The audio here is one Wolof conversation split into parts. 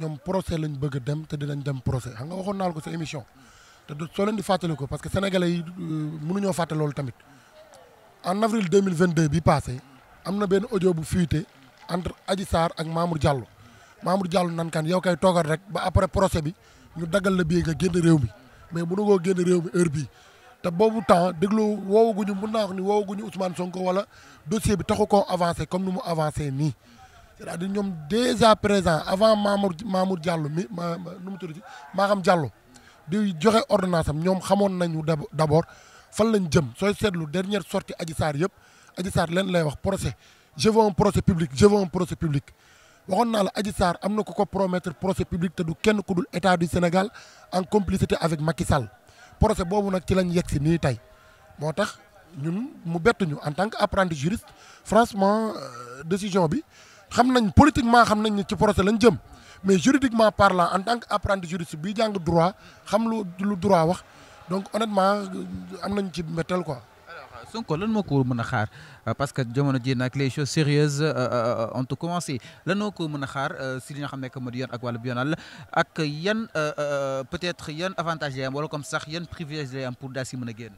ñoom procès lañ bëgg a dem te dinañ dem procès xam nga waxoon naa ko sa émission te soo leen di fàttali ko parce que sénégalais yi euh, mënuñoo fàtte loolu tamit en avril 2022 bi passé am na benn audio bu fuité entre Adji Sarr ak Mamour Diallo Mamour Diallo nankaan yow kay toogal rek ba après procès bi ñu daggal la bii nga génn réew mi mais mënu koo génn réew mi heure bi te boobu temps déglu woowaguñu mun naa wax ni woowaguñu Ousmane Sonko wala dossier bi taxu koo avancé comme ni mu avancé nii c'est-à-dire ñoom déjà présent avant Mamour Mamour Diallo mi ma nu ci Maham Diallo di joxe ordonnance am ñoom xamoon nañu d'abord fan lañ jëm sooy seetlu dernière sortie Adji Sarr yëpp Adji Sarr leen lay wax procès je veux un procès public je veux un procès public waxoon naa la Adji Sarr am na ko promettre procès public te du kenn ku dul état du Sénégal en complicité avec Macky Sall procès boobu nag ci lañ yegg ni nii tey moo tax ñun mu bettuñu en tant que apprenti juriste franchement euh, décision bi xam nañ politiquement xam nañ ne ci procès lañ jëm mais juridiquement parlant en tant que apprenti juriste bi jàng droit xam lu lu droit wax donc honnêtement am nañ ci mbetteel quoi. alors Sonko lan moo ko mën a xaar parce que jamono ji nag les choses sérieuses euh, euh, euh, ont commencé lan moo ko mën a xaar si li nga xam ne que moo di yoon ak wàllu ak yan peut-être yan avantage lay am wala comme sax yan privilège lay am pour daal si mën a génn.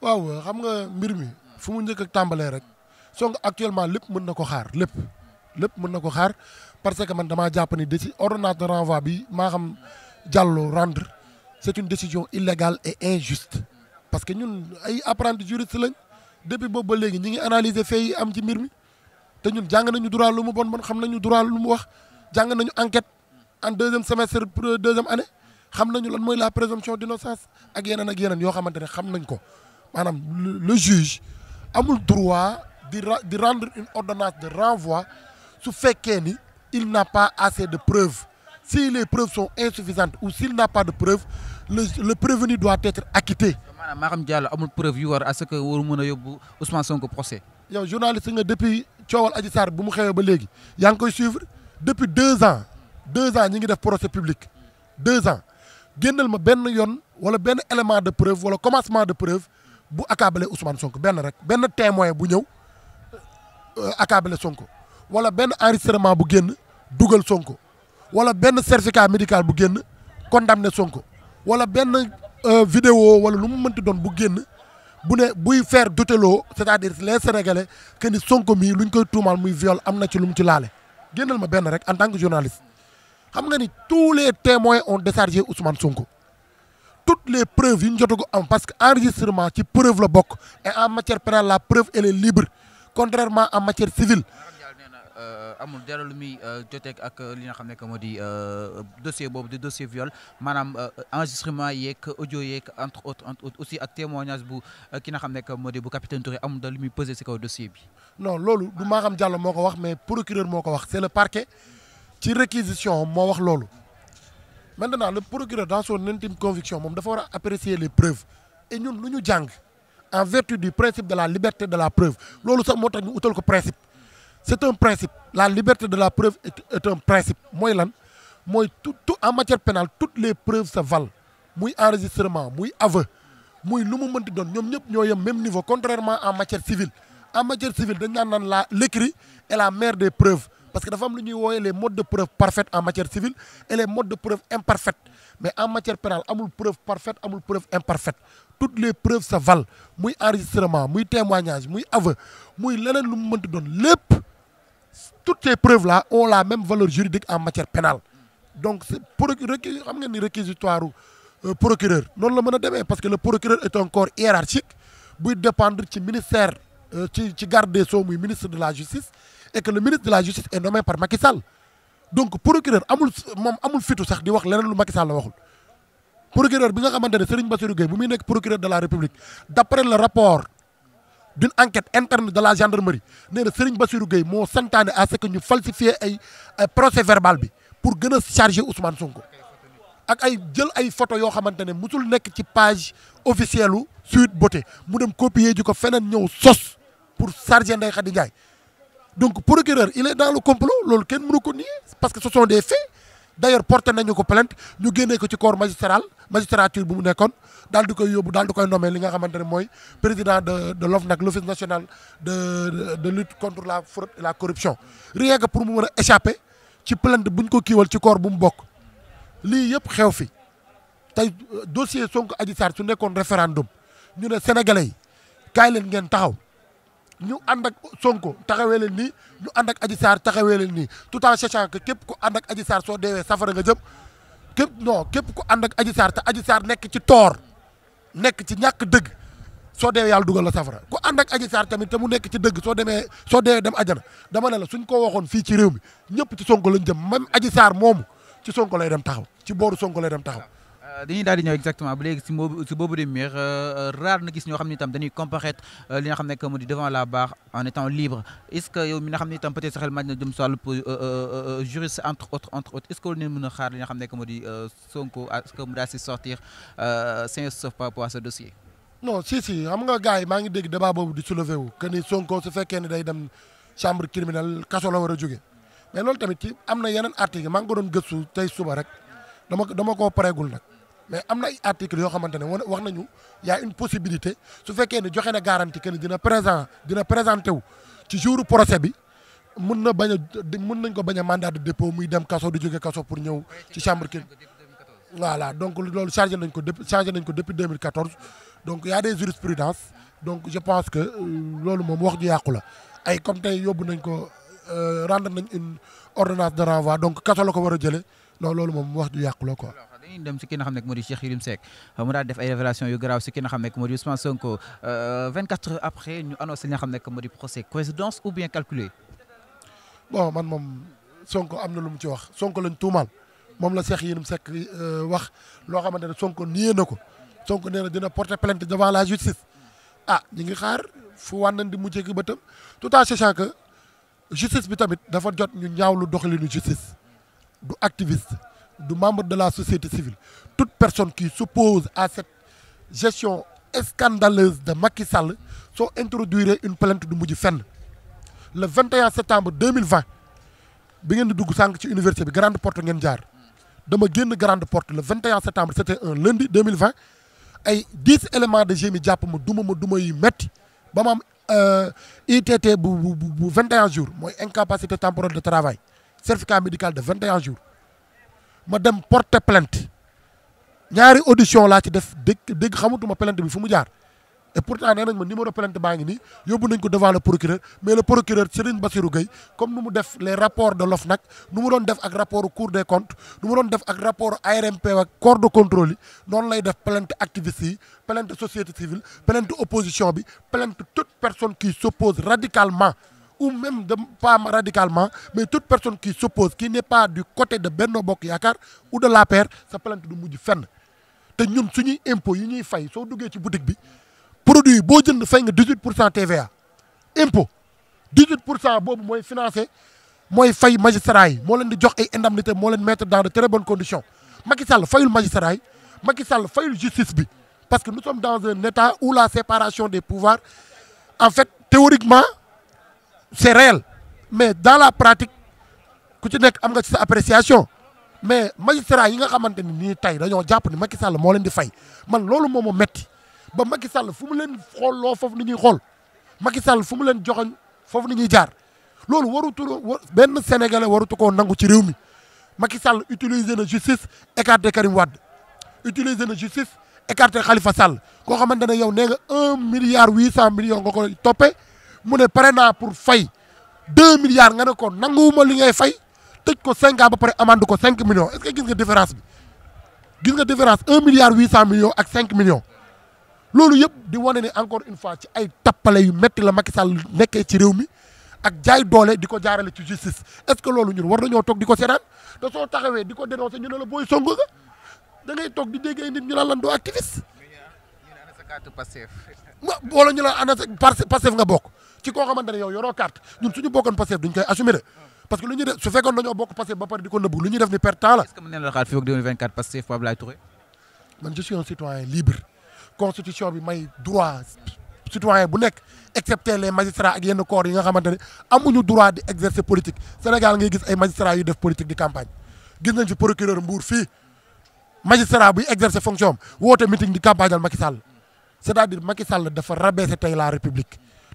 waaw xam nga mbir mi fu mu njëkk a tàmbalee rek Sonko actuellement lépp mën na ko xaar lépp. mën parce que man ordonnance de renvoi rendre c'est une décision illégale et injuste parce que nous, ay depuis boobu ba ñi faits am nous, mbir mi droit lu mu bon enquête en deuxième semestre deuxième année xam nañu la présomption d'innocence ak yeneen ak le juge droit de rendre une ordonnance de renvoi sous fekkee il n'a pas assez de preuves si les preuves sont insuffisantes ou s'il n'a pas de preuves le le prévenu doit être acquitté. Mme Maham Diallo amul preuve à ce que vous mën Ousmane Sonko procès. journaliste depuis coowal Adji Sarr bu ba suivre depuis deux ans deux ans ñi ngi def procès public deux ans génnal ma benn yoon wala élément de preuve un commencement de preuve pour accabler Ousmane Sonko y rek un témoin bu ñëw euh, accabler Sonko wala un enregistrement bu génn dugal Sonko wala ben certificat médical bu génn condamné Sonko wala ben vidéo wala lu mu mënti don bu génn bu né buy faire douter c'est-à-dire les Sénégalais que ni Sonko mi luñ koy qui muy viol amna ci lum ci lalé génnal ma ben rek en tant que journaliste xam nga ni tous les témoins ont déchargé Ousmane Sonko toutes les preuves am parce que enregistrement ci preuve la bok et en matière pénale la preuve elle est libre contrairement en matière civile euh, amul dara lu muy euh, jotek ak euh, li nga xam ne di dossier bobu di dossier viol manam enregistrement yek audio yek entre autres entre autres aussi ak témoignage bu ki nga xam ne di bu capitaine Touré amul dara lu muy peser si kaw dossier bi. non loolu du Maham Diallo moo ko wax mais procureur moko wax c'est le parquet ci réquisition mo wax loolu maintenant le procureur dans son intime conviction mom dafa war apprécier les preuves et ñun lu ñu jang en vertu du principe de la liberté de la preuve loolu sax moo tax ñu utal ko principe c'est un principe la liberté de la preuve est un principe en matière pénale toutes les preuves se valent Moi, enregistrement moi, aveu Nous le nous mënti le même niveau contrairement en matière civile en matière civile l'écrit est la mère des preuves parce que nous avons les modes de preuve parfaits en matière civile et les modes de preuve imparfaits. mais en matière pénale amul preuve parfaite amul preuve imparfaites. toutes les preuves se valent Moi, enregistrement moi, témoignage moi, aveu Nous leneen lu donner, le toutes ces preuves-là ont la même valeur juridique en matière pénale donc c'est procureur xam ngeen ni réquisitoire euh, procureur non le parce que le procureur est un corps hiérarchique Vous dépendre du ministère du euh, garde des Sceaux du ministre de la justice et que le ministre de la justice est nommé par Macky Sall donc procureur il n'y amul fitu sax di wax lu Macky Sall procureur bi nga le Serigne Bassirou procureur de la République d'après le rapport d'une enquête interne de la gendarmerie Nous avons Serigne Bassirou Gueye à ce que nous falsifier ay procès verbal pour charger Ousmane Sonko ak ay jël ay photo photos qui ne musul ci page officielle de la Beauté mu dem copier ji ko sos pour charger Ndeye Khady Ndiaye donc procureur il est dans le complot loolu kenn mënu ko nier parce que ce sont des faits d'ailleurs porté nañu ko plainte ñu génnee ko ci corps magistral magistrature bu mu nekkoon daal di koy yóbbu daal di koy nommé li nga xamante ne mooy président de de l'OFNAC l'office national de de lutte contre la fraude la corruption rien que pour mu mën a échapper ci plainte buñ ko kiiwal ci corps bu mu bokk lii yëpp xew fi tey euh, dossier Sonko Adji Sarr su nekkoon référendum ñu ne sénégalais yi kaay leen ngeen taxaw ñu ànd ak Sonko taxawee leen nii ñu ànd ak Adji taxawee leen nii tout en sachant que képp ku ànd ak Adji soo deewee safara nga jëm képp noo képp ku ànd ak Adji Sarr te Adji Sarr nekk ci toor nekk ci ñàkk dëgg soo deewee yàlla dugal la safara ko ànd ak Adji Sarr tamit te mu nekk ci dëgg soo demee soo deewee dem ajana dama ne la suñ ko waxoon fii ci réew mi ñëpp ci Sonko lañ jëm même Adji Sarr moomu ci Sonko lay dem taxaw ci booru Sonko lay dem taxaw Euh, dañuy daal di ñëw exactement ba léegi si si boobu de mur euh, euh, rare na gis ñoo xam ne itam dañuy comparaître li nga xam ne que mu di devant la barre en étant libre est ce que yow mi nga xam ne itam peut être xel màcc na jëm si pour juriste entre autres entre autres est ce que loolu mën a xaar li nga xam ne que mu di Sonko est ce que mu daal si sortir Saint-Sauf par rapport à ce dossier. non si si xam nga gars yi maa ngi dégg débat boobu di soulevé wu que ni Sonko su fekkee ne day dem chambre criminelle kaso la war a jóge mais loolu tamit ci am na yeneen article maa ngi ko doon gëstu tey suba rek dama dama koo pareegul nag mais amna ay article yo xamantene wax nañu y a une possibilité su fekkee ne joxe na garantie que ne dina présent dina présenter wu ci jour procès bi mën na baña mën nañ ko baña mandat de dépôt muy dem kasso du jóge kasso pour ñëw ci chambre ki voilà donc lolu chargé nañ ko depuis changé nañ ko depuis 2014 donc y a des jurisprudences donc je pense que euh, lolu mom wax ju yàqu la ay comme tey yóbbu nañ ko euh, rendre nañ une ordonnance de renvoi donc kasso la ko war a jëlee non loolu moom wax ju yàqu la quoi dem si ki nga xam ne moo di Cheikh Yérim Seck mu daal def ay révélation yu garaaw si ki nga xam ne moo di Ousmane Sonko 24 euh, heures après ñu annoncé li nga xam ne moo di procès coïncidence ou bien calculé. bon man moom Sonko am na lu mu ci wax Sonko lañ tuumaal moom la Cheikh Yirim Seck euh, wax loo xamante ne Sonko nié na ko Sonko nee na dina porter plainte devant la justice ah ñu ngi xaar fu wànnan di mujjee ki bëttam tout en sachant que justice bi tamit dafa jot ñu ñaawlu doxalinu justice du activiste de membres de la société civile, toute personne qui s'oppose à cette gestion scandaleuse de Macky Sall introduire une plainte de Moujifen. le 21 septembre 2020 bi suis venu à grande porte grande porte le 21 septembre c'était un lundi 2020 et 10 éléments de Jémy Diap je ne ITT bu 21 jours incapacité temporaire de travail certificat médical de 21 jours ma dem porter plainte ñaari audition la ci def qui dégg plainte bi fu et pourtant nenañ ma numéro plainte baangi ko devant le procureur mais le procureur Serigne Bassirou Gueye comme nous avons def les rapports de l'OFNAC Nous mu les def ak rapport Cour des comptes nous mu un def ak rapport ARMP ak corps de contrôle Nous avons lay def plainte activiste plainte société civile plainte opposition bi plainte toute personne qui s'oppose radicalement ou même de, pas radicalement, mais toute personne qui s'oppose, qui n'est pas du côté de Benno Bok Yakar ou de la paire, sa plante du mujj fenn te ñun suñuy impôts yi ñuy fay soo duggee ci boutique bi produit yi boo jënd fay nga 18 TVA impôt 18 pour cent boobu mooy financé mooy fay magistrat yi moo leen di jox ay indemnité moo leen mettre dans de très bonnes conditions Macky Sall fayul magistrat yi Macky Sall fayul justice bi parce que nous sommes dans un état où la séparation des pouvoirs en fait théoriquement c'est mais dans la pratique ku ci nekk am nga ci appréciation mais magistrat yi nga xamante ni nii tey dañoo jàpp ni Macky Sall moo leen di fay man loolu moo ma metti ba maki Sall fu mu leen xool foofu ni ñuy xool maki Sall fu mu leen joxoñ foofu ni ñuy jaar loolu warutu benn sénégalais warutu koo nangu ci réew mi Macky Sall utiliser na justice écarté Karim Wade utiliser na justice écarté Khalifa Sall koo xamante ne yow nee nga un milliard huit cent millions nga koy toppee mu ne pare naa pour fay deux milliards nga ne ko nanguwuma li ngay fay tëj ko cinq ans ba pare amande ko cinq millions est-ce que gis nga différence bi gis nga différence un milliard huit cent millions ak cinq millions loolu yëpp di wane ne encore une fois ci ay tappale yu metti la Macky Sall nekkee ci réew mi ak jaay doole di ko jaarale ci justice est-ce que loolu ñun war nañoo toog di ko seetaan te soo taxawee di ko dénoncé ñu ne la booy song nga da ngay toog di dégg ay nit ñu la lan doo activiste. Euh, ñu ne ana sa carte Pastef. wala ñu la ana sa Pastef nga bokk. ci ko xamante yow yoro carte ñun suñu bokkoon Pastef duñ koy assumer parce que luñu def su fekkon dañu bokk Pastef ba par di ko nëbb lu def ni perte temps la. est-ce que mën nañ la xaar fii ak 2024 Pastef Pape Abdoulaye Touré. man je suis un citoyen libre constitution bi may droit citoyen bu nek excepté les magistrats ak yenn corps yi nga xamante amuñu droit di exercer politique Sénégal ngay gis ay magistrats yu def politique di campagne gis nañ fi procureur Mbour fi magistrat bu exercer fonction am meeting di campagne al Macky Sall c'est-à-dire Macky Sall dafa rabaisser tay la république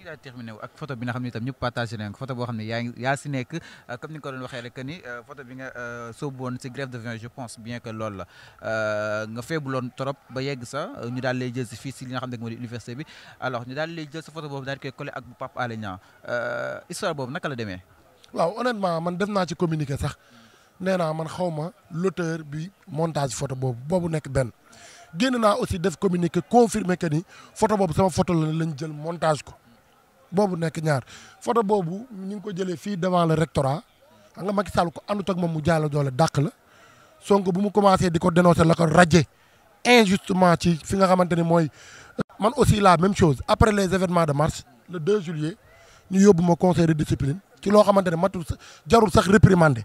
fii laay terminé wu ak photo bi nga xam ne itam ñëpp partagé nañ ko photo boo xam ne yaa yaa si nekk euh, comme ni ko doon waxee rek ni euh, photo bi nga euh, sóobu woon si grève de vin je pense bien que loolu la nga feebuloon trop ba yegg sa ñu daal lay jël si fii si li nga xam ne moo université bi alors ñu daal lay jël sa photo boobu daal di koy collé ak bu pap Alé Niang histoire boobu naka la demee. waaw honnêtement man def naa ci communiqué sax nee naa man xaw ma l'auteur bi montage photo boobu boobu nekk benn génn naa aussi def communiqué confirmer que ni photo boobu sama photo la lañ jël montage ko bobu nekenyar. ñaar photo Bobu, ñu ko jëlé fi devant le rectorat xam nga Macky Sall ko andut ak mom mu jaay la doole dàq la Sonko bu mu commencé diko dénoncer la ko injustement ci fi nga xamante ni man aussi la même chose après les événements de mars le 2 juillet ñu yobuma conseil de discipline ci lo xamante ne matul jarul sax réprimander.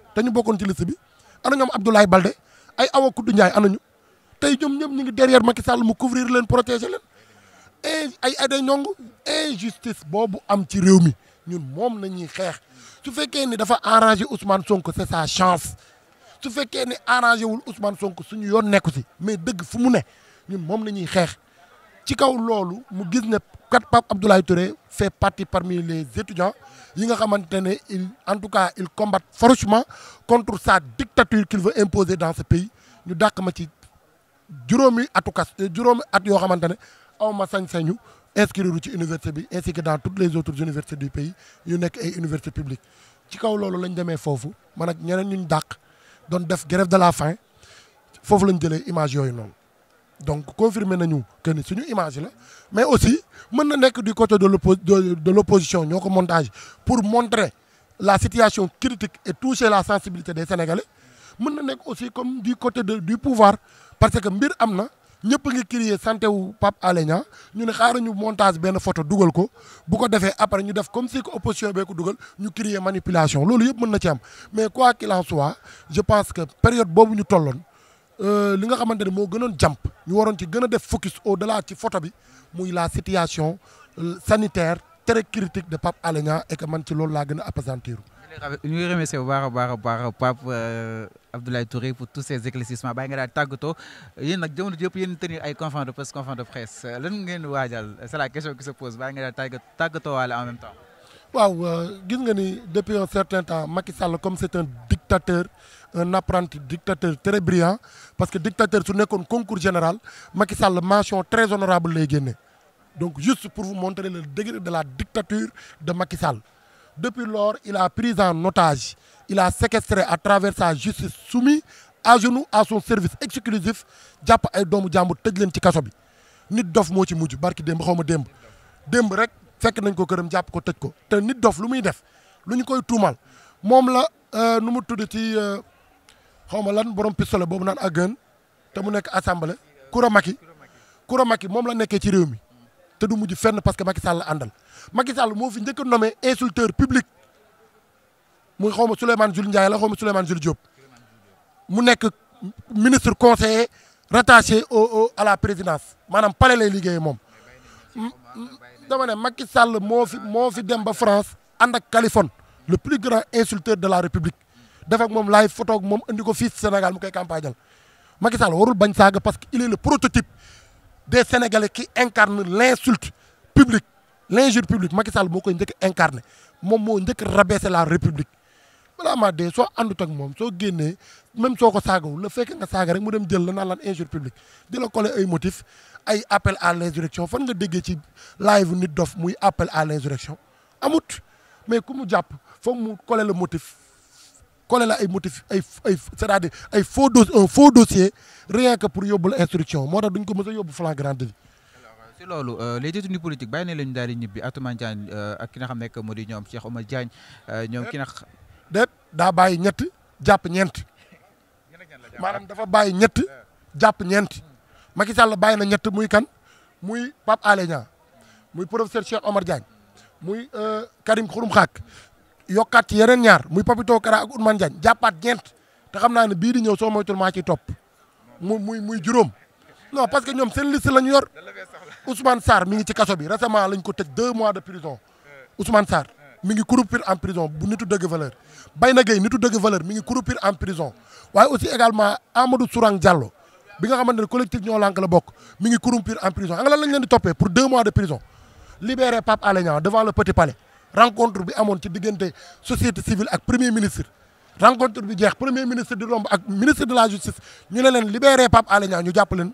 te ñu bokkoon ci si bi ana am Abdoulaye Balde ay Awa Koudou Ndiaye ana ñu tey ñoom ñëpp ñu ngi derrière Macky Sall mu couvrir leen protéger leen in ay ay day ñong injustice boobu am ci réew mi ñun moom na ñuy xeex su fekkee ni dafa arrangé Ousmane Sonko c'est sa chance su fekkee ni arrangé wul Ousmane Sonko suñu yoon nekku si mais dëgg fu mu ne ñun moom ñuy xeex ci Abdoulaye Touré fait partie parmi les étudiants il en tout cas il combat farouchement contre sa dictature qu'il veut imposer dans ce pays Nous avons ma ci nous atukas euh, at nous ainsi que dans toutes les autres universités du pays avons universités publiques ci nous def de la donc confirmer nañu que ni suñu image mais aussi mën nek du côté de l'opposition ñoko montage pour montrer la situation critique et toucher la sensibilité des sénégalais mën nek aussi comme du côté de du pouvoir parce que mbir amna ñepp nga crier santé ou Pape Alé nous ñu ne xaaral montage ben photo dugal ko bu ko défé après ñu def comme si que opposition bee ko dugal ñu crier manipulation lolu yëpp mën na ci am mais quoi qu'il en soit je pense que période bobu ñu tolloon. Euh, li nga xamantene mo moo jamp ñu waroon ci gën def focus au delà ci photo bi muy la situation euh, sanitaire très critique de Pape Alé et que man ci lool la gën a appesantir. ñu ngi remercier bu baax a baax a baax Pape euh, Abdoulaye Touré pour tous ces éclaircissements bàyyi nga daal tàggatoo yéen nag jamono jëpp yéen tenir ay conférence de presse conférence de presse lan ngeen waajal c'est la question qui se pose bàyyi nga daal tàggatoo waale en même temps. waaw gis nga ni depuis un certain temps Macky Sall comme c'est un dictateur un apprenti dictateur très brillant parce que dictateur n'est qu'un concours général Macky Sall mention très honorable lay génne donc juste pour vous montrer le degré de la dictature de Macky Sall depuis lors il a pris en otage il a séquestré à travers sa justice soumis à genoux à son service exclusif Diap et doomu jàmbur tëj leen ci kaso bi nit dof moo ci mujj barki Demb, xaw Demb. Demb rek Fek nañ ko këram jàpp ko tëj ko te nit dof lu muy def lu koy Toumal. Mom la euh, nu mu tudd ci euh, xawma lan borom pistolet bobu nan àggan te mu nek assemblée Koura Maki. de maki la ci réew te du mujj fenn parce que Macky Sall la peu Macky Sall mo fi nommé insulteur public muy xawma Souleymane Ndiaye la xawma Souleymane Diop mu ministre conseiller rattaché à la présidence manam palais lay dama Macky Sall fi fi dem ba France and ak le plus grand insulteur de la République def ak live photo ak indigo andi ko fii Sénégal mu koy campagnal Macky Sall warul bañ saaga parce qu'il est le prototype des Sénégalais qui incarnent l'insulte publique l'injure publique Macky Sall moo indique njëkk incarné moom indique rabaisser la république balaa maa dee soo àndut ak moom soo génnee même soit ko saagawul le fekk nga saaga rek mu dem jël la naan laan injure publique di coller ay motifs ay appel à l'insurrection fan nga déggee ci live nit dof muy appel à l'insurrection amut mais ku mu jàpp foog mu coller le motif collé la ay motif ay ay c'est-à-dire ay faux do un faux dossier pour yóbbu la instruction moo tax duñ ko mës a yóbbu flagrant délit. ci loolu euh, les détenus politiques bàyyi nañ lañu daal di ñibbi Atoumane Diagne euh, ak ki nga xam nekk moo di ñoom Cheikh Oumar Diagne euh, ñoom ki na déet daa bàyyi ñett jàpp ñeent maanaam dafa bàyyi ñett jàpp ñeent Macky Sall bàyyi na ñett muy kan muy Pape Alé Niang muy professeur Cheikh Omar Diagne muy Karim Xurum Xaak yokat ci ñaar muy Papito Kara ak Ousmane Diagne jappat ñeent te xamna ni bi di ñew so moytul ma ci top muy muy juróom non parce que ñom seen liste la yor Ousmane Sar, mi ngi ci kasso bi récemment lañ ko tej deux mois de prison Ousmane Sar, mi ngi croupir en prison bu nitu deug valeur Bayna Gueye nitu deug valeur mi ngi croupir en prison waye aussi également Amadou Sourang Diallo bi nga xamantene collectif ñoo lànk la bok mi ngi croupir en prison nga lan lañ leen di topé pour deux mois de prison libéré Pape Alé devant le Petit Palais rencontre bi amoon ci diggante société civile ak premier ministre rencontre bi jeex premier ministre di romb ak ministre de la justice ñu ne leen libéré Pape Alé Niang ñu jàpp leen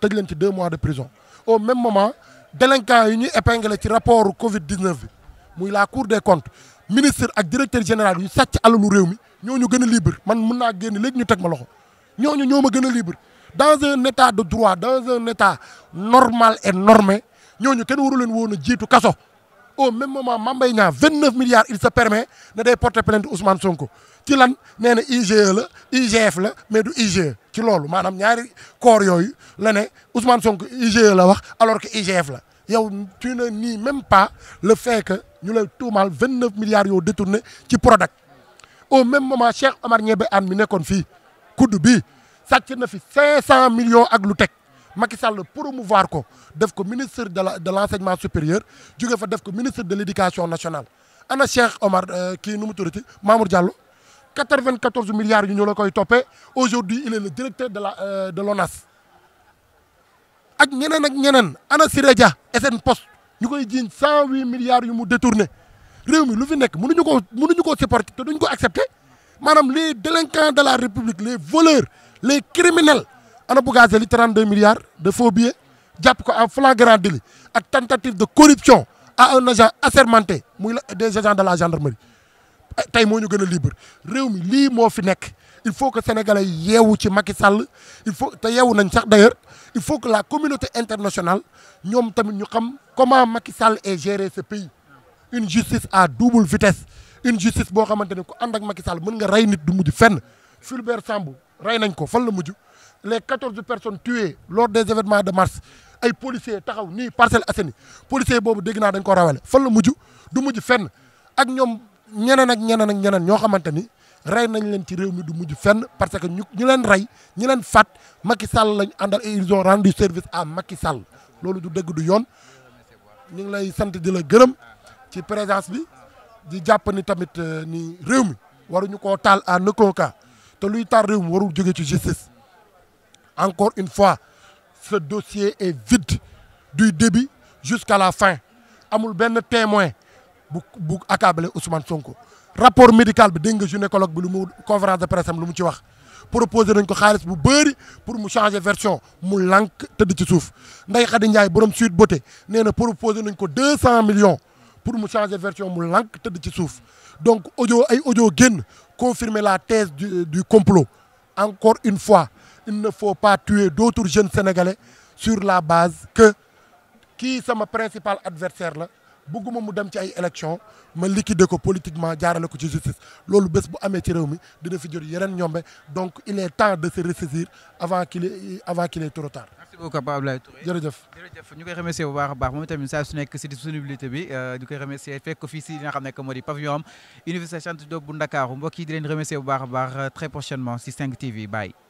tëj leen ci deux mois de prison au même moment délinquant yi ñu épinglé ci rapport Covid 19 bi muy la cour des comptes ministre ak directeur général yu sàcc alalu réew mi ñu gën a libre man mun naa génn léegi ñu teg ma loxo ñooñu ñoo ma gën a libre dans un état de droit dans un état normal et normé ñooñu kenn waru leen woon a jiitu kaso. au même moment 29 milliards il se permet de porter plainte Ousmane Sonko Il y a IGE IGF mais du IGE ci un maanaam ñaari corps Ousmane Sonko IGE alors que IGF tu ne nie même pas le fait que nous avons tout mal 29 milliards détournés détourné ci produit. au même moment Cheikh Omar Niébé y mi un confie, kudd bi na 500 millions à lu Macky Sall promouvoir ko def ko ministre de l'enseignement supérieur jóge fa def ko ministre de l'éducation nationale. ana Cheikh Omar qui euh, numu mu Mamour Diallo 94 milliards ñu la koy topé aujourd'hui il est le directeur de la euh, de l'ONAS ak ñeneen ak ñeneen ana SN Post ñu koy 108 milliards yu mu détourné réew mi lu fi nous mënuñu ko mënuñu ko accepter les délinquants de la république les voleurs les criminels ana gazé li 32 milliards de faux billets jàpp ko en flagrant délit ak tentative de corruption à un agent assermenté des agents de la gendarmerie eh, tey moo ñu gën libre fi il faut que sénégalais yeewu ci Macky Sall il faut d'ailleurs il faut que la communauté internationale nous tamit comment Macky Sall est géré ce pays une justice à double vitesse une justice qui, xamante ne ku ànd ak Macky Sall mën nga nit du Fulbert Sambou rey nañ ko fan la mujj les 14 personnes tuées lors des événements de mars ay policiers taxaw ni parcelle Assainies policiers bobu dégg naa dañ ko rawale fan la muju du muju fenn ak ñom ñeneen ak ñeneen ak ñeneen ño xamanteni ray nañ leen ci réew mi du muju fenn parce que ñu ñu leen ray ñu leen fat Macky Sall lañ et ils ont rendu service à Macky Sall loolu du deug du yoon ñu lay sante di la ci présence bi di jàpp ni tamit euh, ni réew mi ñu ko taal à aucun te luy taal réew mi ci justice. Encore une fois, ce dossier est vide du début jusqu'à la fin. amul de témoin bu accablé Ousmane Sonko rapport médical bi la gynécologue conférence de presse am lu ci wax proposé ko bu pour mu changer version mu lank teud ci souf. Ndeye Khady borom suite Beauté millions pour changer changer version mu lank teud ci souf. donc audio ay audio confirmer la thèse du complot encore une fois il ne faut pas tuer d'autres jeunes sénégalais sur la base que kii sama principal adversaire là, Beaucoup mu dem ci ay élection me liquider ko politiquement jaarale ko ci justice loolu bés bu amee ci réew mi dina fi jot yeneen ñombe donc il est temps de se ressaisir avant qu'il avant qu'il est trop tard. merci beaucoup Pape Abdoulaye Touré jërëjëf. jërëjëf ñu koy remercier bu baax a baax moom tamit saa su nekk si disponibilité bi ñu euh, koy remercier fekk ko fii si li nga xam ne pavillon université Cheikh Anta bu mbokk yi di leen remercier bu baax baax euh, très prochainement si 5 TV bye.